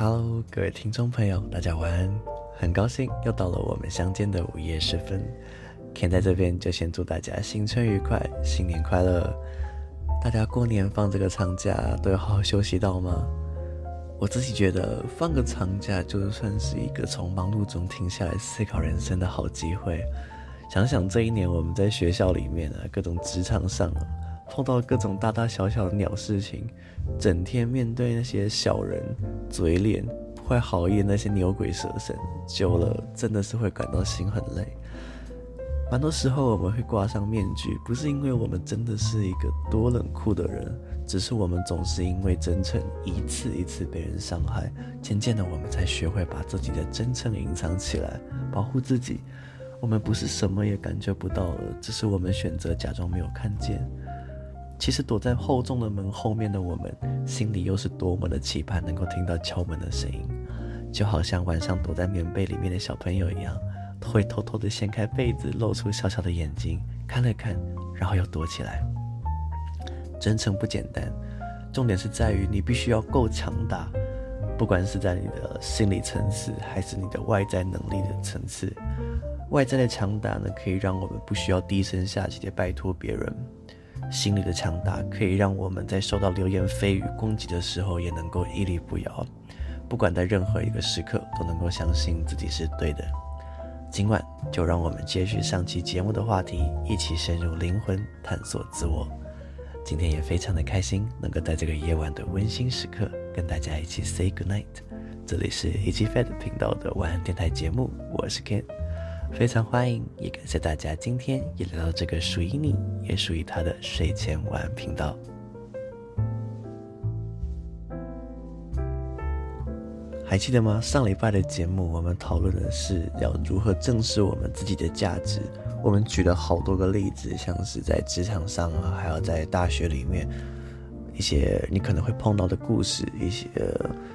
哈嘍，Hello, 各位聽眾朋友，大家晚安。很高興又到了我們相見的午夜時分。今天在這邊就先祝大家新春愉快，新年快樂。大家過年放這個長假，都有好好休息到嗎？我自己覺得放個長假就算是一個從忙碌中停下來思考人生的好機會。想想這一年我們在學校裡面啊，各種職場上、啊。碰到各種大大小小的鳥事情，整天面對那些小人嘴臉、不懷好意的那些牛鬼蛇神，久了真的是會感到心很累。蠻多時候我們會掛上面具，不是因為我們真的是一個多冷酷的人，只是我們總是因為真誠一次一次被人傷害，漸漸的我們才學會把自己的真誠隱藏起來，保護自己。我們不是什麼也感覺不到了，只是我們選擇假裝沒有看見。其實躲在厚重的門後面的我們，心裡又是多麼的期盼能夠聽到敲門的聲音，就好像晚上躲在棉被裡面的小朋友一樣，會偷偷的掀開被子，露出小小的眼睛，看了看，然後又躲起來。真誠不簡單，重點是在於你必須要夠強大，不管是在你的心理層次，還是你的外在能力的層次。外在的強大呢，可以讓我們不需要低聲下氣的拜託別人。心理的強大可以讓我們在受到流言蜚語攻擊的時候也能夠屹立不搖，不管在任何一個時刻都能夠相信自己是對的。今晚就讓我們接續上期節目的話題，一起深入靈魂探索自我。今天也非常的開心，能夠在這個夜晚的溫馨時刻跟大家一起 say good night。這裡是 Ichi Goodnight 頻道的晚安電台節目，我是 Ken。非常歡迎，也感謝大家今天也來到這個屬於你也屬於他的睡前晚安頻道。還記得嗎？上禮拜的節目，我們討論的是要如何正視我們自己的價值。我們舉了好多個例子，像是在職場上啊，還有在大學裡面，一些你可能會碰到的故事，一些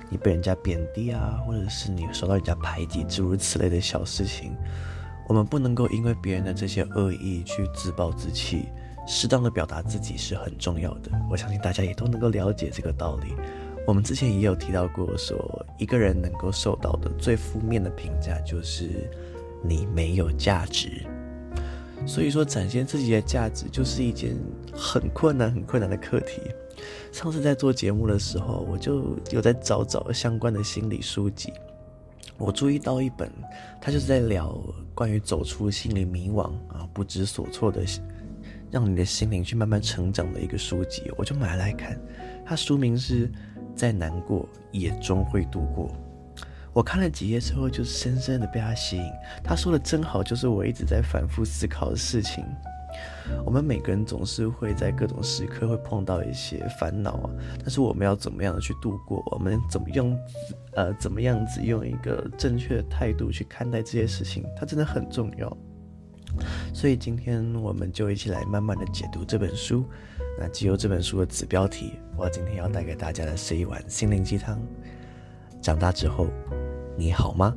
你被人家貶低啊，或者是你受到人家排擠，諸如此類的小事情。我們不能夠因為別人的這些惡意去自暴自棄，適當的表達自己是很重要的。我相信大家也都能夠了解這個道理。我們之前也有提到過說，說一個人能夠受到的最負面的評價就是你沒有價值。所以說，展現自己的價值就是一件很困難、很困難的課題。上次在做節目的時候，我就有在找找相關的心理書籍。我注意到一本，他就是在聊關於走出心靈迷惘啊、不知所措的，讓你的心靈去慢慢成長的一個書籍，我就買來看。它書名是《再難過也終會度過》。我看了幾頁之後，就是、深深地被他吸引。他說的真好，就是我一直在反複思考的事情。我們每個人總是會在各種時刻會碰到一些煩惱啊，但是我們要怎麼樣的去度過？我們怎麼用，呃，怎麼樣子用一個正確的態度去看待這些事情？它真的很重要。所以今天我們就一起來慢慢的解讀這本書。那既有這本書的子標題，我今天要帶給大家的是一碗心靈雞湯。長大之後，你好嗎？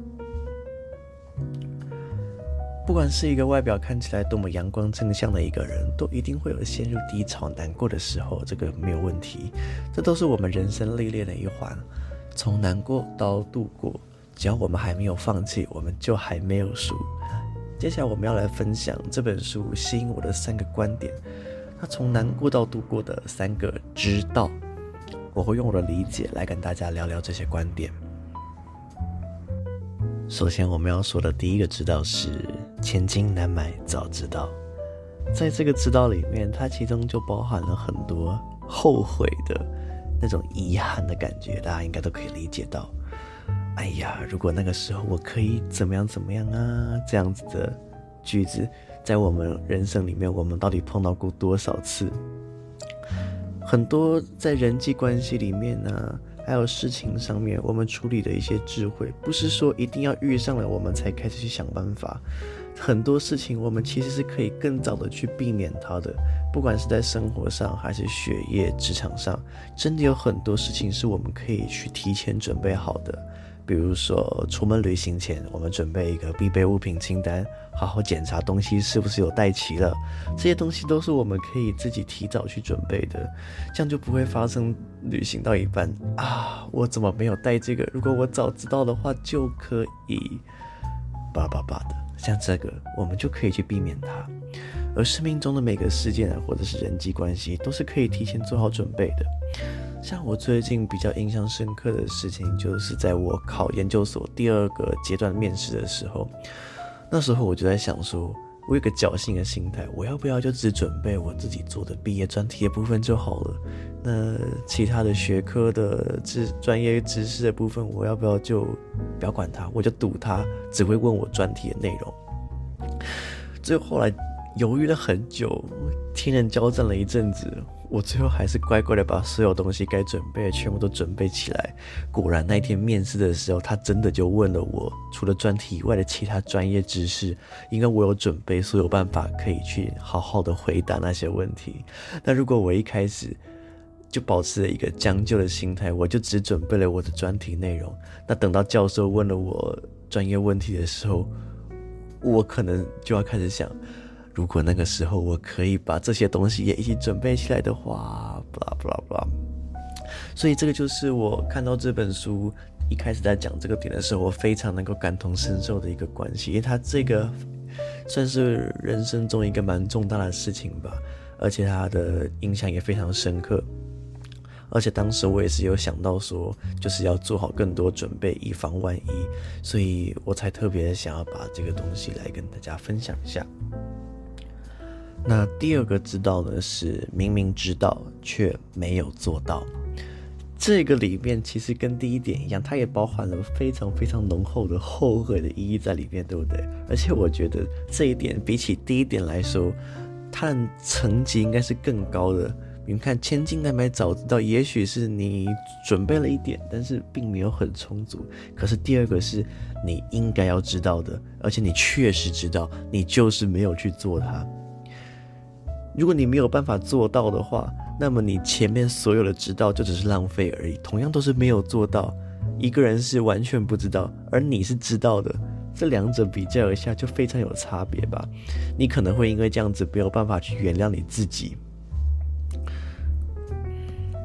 不管是一個外表看起來多麼陽光正向的一個人，都一定會有陷入低潮、難過的時候，這個沒有問題，這都是我們人生歷練的一環。從難過到度過，只要我們還沒有放棄，我們就還沒有輸。接下來我們要來分享這本書吸引我的三個觀點，那從難過到度過的三個知道，我會用我的理解來跟大家聊聊這些觀點。首先，我們要說的第一個知道是“千金難買早知道”。在這個知道裡面，它其中就包含了很多後悔的那種遺憾的感覺，大家應該都可以理解到。哎呀，如果那個時候我可以怎麼樣怎麼樣啊，這樣子的句子，在我們人生裡面，我們到底碰到過多少次？很多在人際關係裡面呢、啊。還有事情上面，我們處理的一些智慧，不是說一定要遇上了我們才開始去想辦法。很多事情我們其實是可以更早的去避免它的，不管是在生活上還是學業、職場上，真的有很多事情是我們可以去提前準備好的。比如說，出門旅行前，我們準備一個必備物品清單，好好檢查東西是不是有帶齊了。這些東西都是我們可以自己提早去準備的，這樣就不會發生旅行到一半啊，我怎麼沒有帶這個？如果我早知道的話，就可以叭叭叭的，像這個，我們就可以去避免它。而生命中的每個事件，或者是人際關係，都是可以提前做好準備的。像我最近比較印象深刻的事情，就是在我考研究所第二個階段面試的時候，那時候我就在想說，我有個僥倖的心態，我要不要就只準備我自己做的畢業專題的部分就好了？那其他的學科的知專業知識的部分，我要不要就不要管它？我就賭它只會問我專題的內容。最後來。猶豫了很久，天人交戰了一陣子，我最後還是乖乖的把所有東西該準備的全部都準備起來。果然，那天面試的時候，他真的就問了我除了專題以外的其他專業知識。應該我有準備，所有辦法可以去好好的回答那些問題。那如果我一開始就保持了一個將就的心態，我就只準備了我的專題內容。那等到教授問了我專業問題的時候，我可能就要開始想。如果那個時候我可以把這些東西也一起準備起來的話，巴拉巴拉巴拉。所以這個就是我看到這本書一開始在講這個點的時候，我非常能夠感同身受的一個關係，因為它這個算是人生中一個蠻重大的事情吧，而且它的印象也非常深刻。而且當時我也是有想到說，就是要做好更多準備，以防萬一，所以我才特別想要把這個東西來跟大家分享一下。那第二個知道呢，是明明知道卻沒有做到。這個裡面其實跟第一點一樣，它也包含了非常非常濃厚的後悔的意義在裡面，對不對？而且我覺得這一點比起第一點來說，它的層級應該是更高的。你們看，千金難買早知道，也許是你準備了一點，但是並沒有很充足。可是第二個是，你應該要知道的，而且你確實知道，你就是沒有去做它。如果你沒有辦法做到的話，那麼你前面所有的知道就只是浪費而已。同樣都是沒有做到，一個人是完全不知道，而你是知道的，這兩者比較一下就非常有差別吧。你可能會因為這樣子沒有辦法去原諒你自己，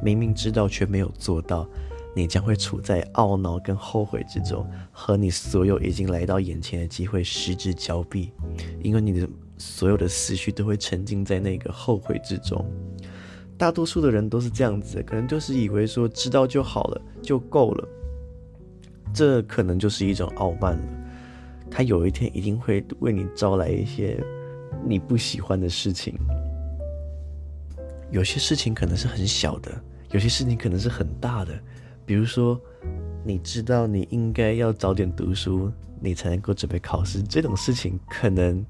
明明知道卻沒有做到，你將會處在懊惱跟後悔之中，和你所有已經來到眼前的機會失之交臂，因為你的。所有的思緒都會沉浸在那個後悔之中，大多數的人都是這樣子，可能就是以為說知道就好了，就夠了。這可能就是一種傲慢了，他有一天一定會為你招來一些你不喜歡的事情。有些事情可能是很小的，有些事情可能是很大的，比如說你知道你應該要早點讀書，你才能夠準備考試這種事情，可能。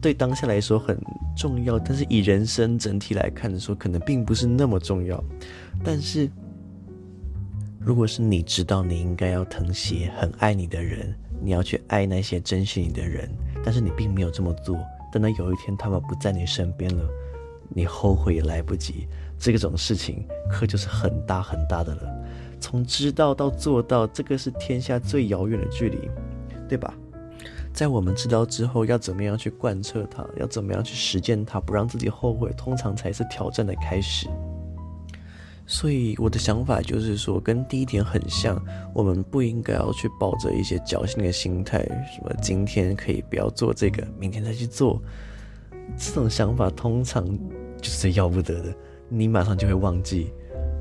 對當下來說很重要，但是以人生整體來看的時候，可能並不是那麼重要。但是，如果是你知道你應該要疼惜、很愛你的人，你要去愛那些珍惜你的人，但是你並沒有這麼做，等到有一天他們不在你身邊了，你後悔也來不及。這種事情，可就是很大很大的了。從知道到做到，這個是天下最遙遠的距離，對吧？在我們知道之後，要怎麼樣去貫徹它？要怎麼樣去實踐它？不讓自己後悔，通常才是挑戰的開始。所以我的想法就是說，跟第一點很像，我們不應該要去抱着一些僥倖的心態，什麼今天可以不要做這個，明天再去做。這種想法通常就是要不得的。你馬上就會忘記，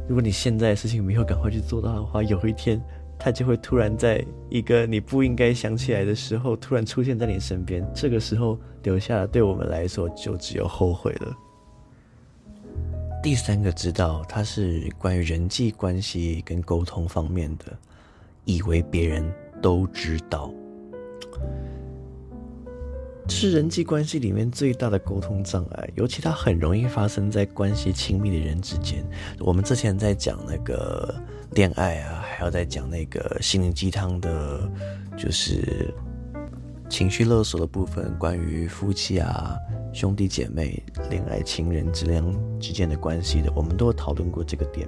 如果你現在的事情沒有趕快去做到的話，有一天。他就會突然在一個你不應該想起來的時候，突然出現在你身邊。這個時候留下的對我們來說就只有後悔了。第三個知道，它是關於人際關係跟溝通方面的，以為別人都知道。這是人際關係裡面最大的溝通障礙，尤其它很容易發生在關係親密的人之間。我們之前在講那個戀愛啊，還有在講那個心靈雞湯的，就是情緒勒索的部分，關於夫妻啊、兄弟姐妹、戀愛情人之間之間的關係的，我們都有討論過這個點。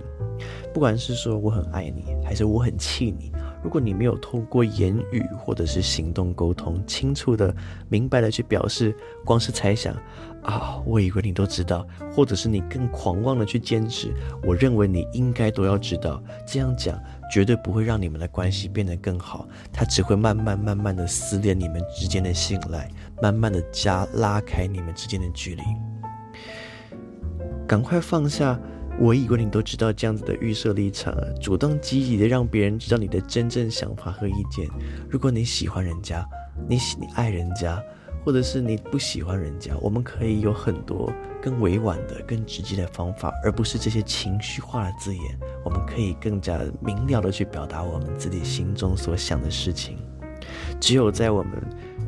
不管是說我很愛你，還是我很氣你，如果你沒有通過言語或者是行動溝通清楚的、明白的去表示，光是猜想啊，我以為你都知道，或者是你更狂妄的去堅持，我認為你應該都要知道，這樣講絕對不會讓你們的關係變得更好，他只會慢慢慢慢的撕裂你們之間的信賴，慢慢的加拉開你們之間的距離，趕快放下，我以為你都知道這樣子的預設立場啊，主動積極的讓別人知道你的真正想法和意見。如果你喜歡人家，你你愛人家，或者是你不喜歡人家，我們可以有很多更委婉的、更直接的方法，而不是這些情緒化的字眼。我們可以更加明了的去表達我們自己心中所想的事情。只有在我們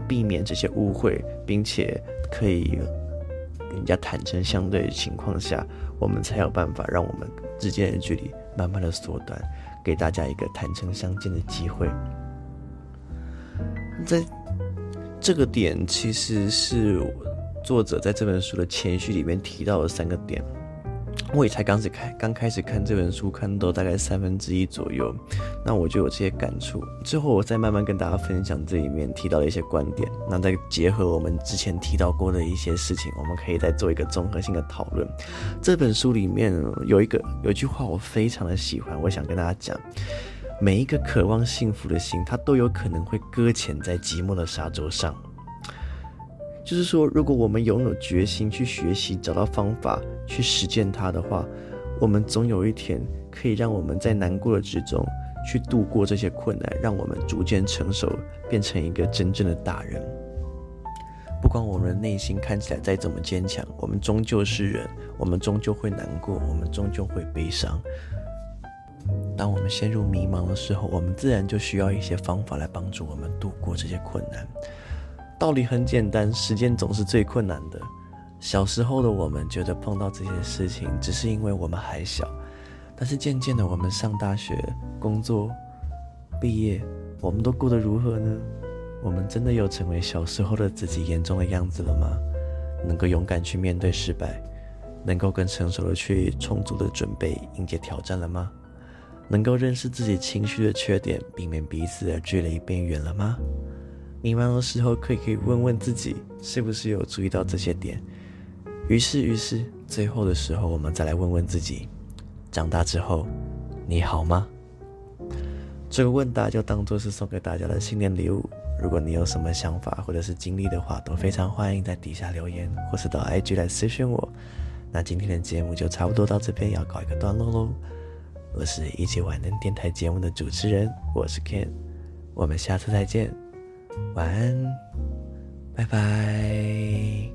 避免這些誤會，並且可以。人家坦誠相對的情況下，我們才有辦法讓我們之間的距離慢慢的縮短，給大家一個坦誠相見的機會。在這個點，其實是作者在這本書的前序裡面提到的三個點。我也才剛是開剛開始看這本書，看到大概三分之一左右，那我就有這些感觸。最後我再慢慢跟大家分享這裡面提到的一些觀點，那再結合我們之前提到過的一些事情，我們可以再做一個綜合性的討論。這本書裡面有一個有一句話我非常的喜歡，我想跟大家講：每一個渴望幸福的心，它都有可能會擱淺在寂寞的沙洲上。就是說，如果我們擁有決心去學習，找到方法去實踐它的話，我們總有一天可以讓我們在難過的之中去度過這些困難，讓我們逐漸成熟，變成一個真正的大人。不管我們的內心看起來再怎麼堅強，我們終究是人，我們終究會難過，我們終究會悲傷。當我們陷入迷茫的時候，我們自然就需要一些方法來幫助我們度過這些困難。道理很簡單，時間總是最困難的。小時候的我們覺得碰到這些事情，只是因為我們還小。但是漸漸的，我們上大學、工作、畢業，我們都過得如何呢？我們真的又成為小時候的自己眼中的樣子了嗎？能夠勇敢去面對失敗，能夠更成熟的去充足的準備迎接挑戰了嗎？能夠認識自己情緒的缺點，避免彼此的距離變遠了嗎？迷茫的時候，可以可以問問自己，是不是有注意到這些點？於是，於是最後的時候，我們再來問問自己：長大之後，你好嗎？這個問答就當做是送給大家的新年禮物。如果你有什麼想法或者是經歷的話，都非常歡迎在底下留言，或是到 IG 來私訊我。那今天的節目就差不多到這邊，要告一個段落嘍。我是一起晚安電台節目的主持人，我是 Ken，我們下次再見。晚安，拜拜。